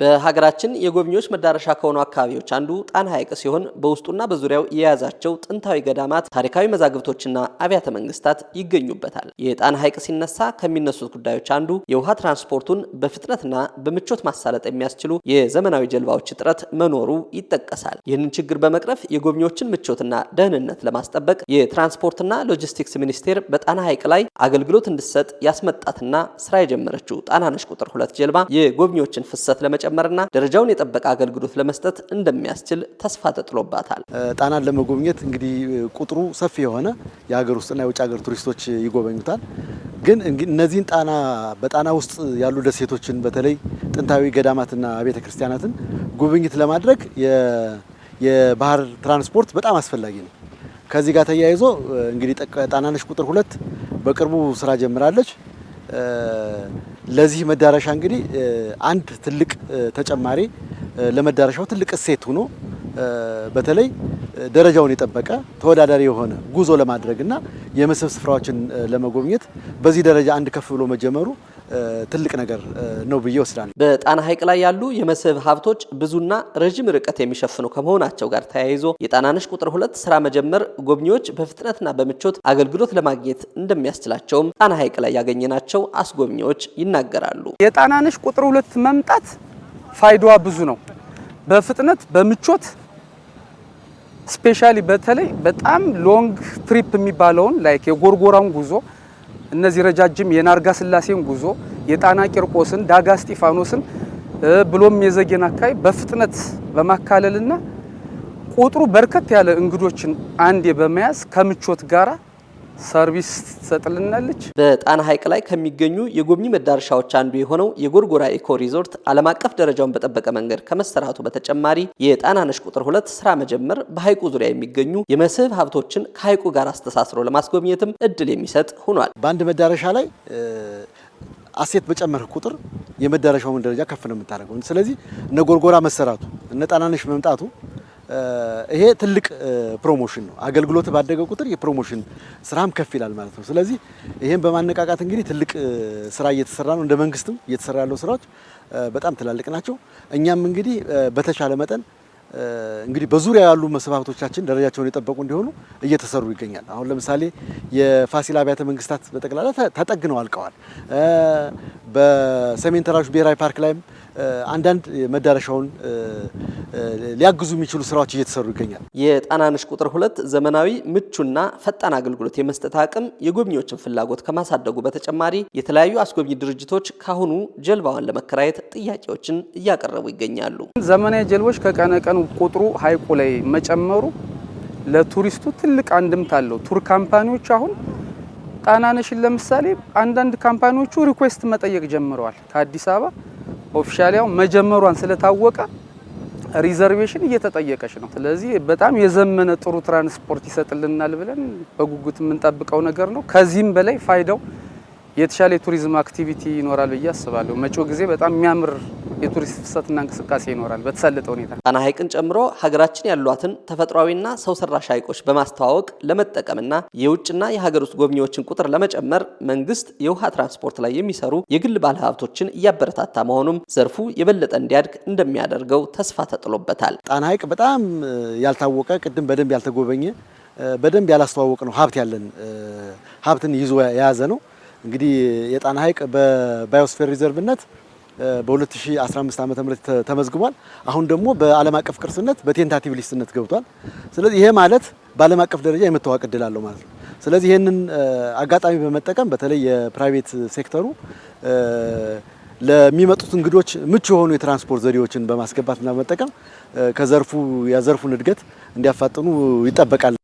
በሀገራችን የጎብኚዎች መዳረሻ ከሆኑ አካባቢዎች አንዱ ጣና ሐይቅ ሲሆን በውስጡና በዙሪያው የያዛቸው ጥንታዊ ገዳማት፣ ታሪካዊ መዛግብቶችና አብያተ መንግስታት ይገኙበታል። የጣና ሐይቅ ሲነሳ ከሚነሱት ጉዳዮች አንዱ የውሃ ትራንስፖርቱን በፍጥነትና በምቾት ማሳለጥ የሚያስችሉ የዘመናዊ ጀልባዎች እጥረት መኖሩ ይጠቀሳል። ይህንን ችግር በመቅረፍ የጎብኚዎችን ምቾትና ደህንነት ለማስጠበቅ የትራንስፖርትና ሎጂስቲክስ ሚኒስቴር በጣና ሐይቅ ላይ አገልግሎት እንድትሰጥ ያስመጣትና ስራ የጀመረችው ጣናነሽ ቁጥር ሁለት ጀልባ የጎብኚዎችን ፍሰት ለመ ለመጨመርና ደረጃውን የጠበቀ አገልግሎት ለመስጠት እንደሚያስችል ተስፋ ተጥሎባታል። ጣናን ለመጎብኘት እንግዲህ ቁጥሩ ሰፊ የሆነ የሀገር ውስጥና የውጭ ሀገር ቱሪስቶች ይጎበኙታል። ግን እነዚህን ጣና በጣና ውስጥ ያሉ ደሴቶችን በተለይ ጥንታዊ ገዳማትና ቤተ ክርስቲያናትን ጉብኝት ለማድረግ የባህር ትራንስፖርት በጣም አስፈላጊ ነው። ከዚህ ጋር ተያይዞ እንግዲህ ጣናነሽ ቁጥር ሁለት በቅርቡ ስራ ጀምራለች። ለዚህ መዳረሻ እንግዲህ አንድ ትልቅ ተጨማሪ ለመዳረሻው ትልቅ እሴት ሆኖ በተለይ ደረጃውን የጠበቀ ተወዳዳሪ የሆነ ጉዞ ለማድረግና የመስህብ ስፍራዎችን ለመጎብኘት በዚህ ደረጃ አንድ ከፍ ብሎ መጀመሩ ትልቅ ነገር ነው ብዬ ወስዳለሁ። በጣና ሐይቅ ላይ ያሉ የመስህብ ሀብቶች ብዙና ረዥም ርቀት የሚሸፍኑ ከመሆናቸው ጋር ተያይዞ የጣናነሽ ቁጥር ሁለት ስራ መጀመር ጎብኚዎች በፍጥነትና በምቾት አገልግሎት ለማግኘት እንደሚያስችላቸውም ጣና ሐይቅ ላይ ያገኘናቸው አስጎብኚዎች ይናገራሉ። የጣናነሽ ቁጥር ሁለት መምጣት ፋይዳዋ ብዙ ነው። በፍጥነት በምቾት ስፔሻሊ በተለይ በጣም ሎንግ ትሪፕ የሚባለውን ላይክ የጎርጎራውን ጉዞ እነዚህ ረጃጅም የናርጋ ስላሴን ጉዞ የጣና ቂርቆስን፣ ዳጋ እስጢፋኖስን ብሎም የዘጌን አካባቢ በፍጥነት በማካለልና ቁጥሩ በርከት ያለ እንግዶችን አንዴ በመያዝ ከምቾት ጋራ ሰርቪስ ትሰጥልናለች። በጣና ሐይቅ ላይ ከሚገኙ የጎብኚ መዳረሻዎች አንዱ የሆነው የጎርጎራ ኢኮ ሪዞርት ዓለም አቀፍ ደረጃውን በጠበቀ መንገድ ከመሰራቱ በተጨማሪ የጣናነሽ ቁጥር ሁለት ስራ መጀመር በሐይቁ ዙሪያ የሚገኙ የመስህብ ሀብቶችን ከሐይቁ ጋር አስተሳስሮ ለማስጎብኘትም እድል የሚሰጥ ሆኗል። በአንድ መዳረሻ ላይ አሴት በጨመረ ቁጥር የመዳረሻውን ደረጃ ከፍ ነው የምታደርገው። ስለዚህ እነ ጎርጎራ መሰራቱ እነ ጣናነሽ መምጣቱ ይሄ ትልቅ ፕሮሞሽን ነው። አገልግሎት ባደገ ቁጥር የፕሮሞሽን ስራም ከፍ ይላል ማለት ነው። ስለዚህ ይህም በማነቃቃት እንግዲህ ትልቅ ስራ እየተሰራ ነው። እንደ መንግስትም እየተሰራ ያለው ስራዎች በጣም ትላልቅ ናቸው። እኛም እንግዲህ በተቻለ መጠን እንግዲህ በዙሪያ ያሉ መሰናበቶቻችን ደረጃቸውን የጠበቁ እንዲሆኑ እየተሰሩ ይገኛል። አሁን ለምሳሌ የፋሲል አብያተ መንግስታት በጠቅላላ ተጠግነው አልቀዋል። በሰሜን ተራሮች ብሔራዊ ፓርክ ላይም አንዳንድ መዳረሻውን ሊያግዙ የሚችሉ ስራዎች እየተሰሩ ይገኛል። የጣናነሽ ቁጥር ሁለት ዘመናዊ ምቹና ፈጣን አገልግሎት የመስጠት አቅም የጎብኚዎችን ፍላጎት ከማሳደጉ በተጨማሪ የተለያዩ አስጎብኚ ድርጅቶች ካሁኑ ጀልባዋን ለመከራየት ጥያቄዎችን እያቀረቡ ይገኛሉ። ዘመናዊ ጀልቦች ከቀነ ቀን ቁጥሩ ሀይቁ ላይ መጨመሩ ለቱሪስቱ ትልቅ አንድምታ አለው። ቱር ካምፓኒዎች አሁን ጣናነሽን ለምሳሌ አንዳንድ ካምፓኒዎቹ ሪኩዌስት መጠየቅ ጀምረዋል። ከአዲስ አበባ ኦፊሻል ያው መጀመሯን ስለታወቀ ሪዘርቬሽን እየተጠየቀች ነው። ስለዚህ በጣም የዘመነ ጥሩ ትራንስፖርት ይሰጥልናል ብለን በጉጉት የምንጠብቀው ነገር ነው። ከዚህም በላይ ፋይዳው የተሻለ የቱሪዝም አክቲቪቲ ይኖራል ብዬ አስባለሁ። መጪው ጊዜ በጣም የሚያምር የቱሪስት ፍሰትና እንቅስቃሴ ይኖራል በተሳለጠ ሁኔታ። ጣና ሐይቅን ጨምሮ ሀገራችን ያሏትን ተፈጥሯዊና ሰው ሰራሽ ሐይቆች በማስተዋወቅ ለመጠቀምና የውጭና የሀገር ውስጥ ጎብኚዎችን ቁጥር ለመጨመር መንግስት የውሃ ትራንስፖርት ላይ የሚሰሩ የግል ባለሀብቶችን እያበረታታ መሆኑም ዘርፉ የበለጠ እንዲያድግ እንደሚያደርገው ተስፋ ተጥሎበታል። ጣና ሐይቅ በጣም ያልታወቀ ቅድም በደንብ ያልተጎበኘ በደንብ ያላስተዋወቅ ነው ሀብት ያለን ሀብትን ይዞ የያዘ ነው። እንግዲህ የጣና ሐይቅ በባዮስፌር ሪዘርቭነት በ2015 ዓ.ም ተመዝግቧል። አሁን ደግሞ በዓለም አቀፍ ቅርስነት በቴንታቲቭ ሊስትነት ገብቷል። ስለዚህ ይሄ ማለት በዓለም አቀፍ ደረጃ የመታወቅ እድል አለው ማለት ነው። ስለዚህ ይህንን አጋጣሚ በመጠቀም በተለይ የፕራይቬት ሴክተሩ ለሚመጡት እንግዶች ምቹ የሆኑ የትራንስፖርት ዘዴዎችን በማስገባትና በመጠቀም ከዘርፉ የዘርፉን እድገት እንዲያፋጥኑ ይጠበቃል።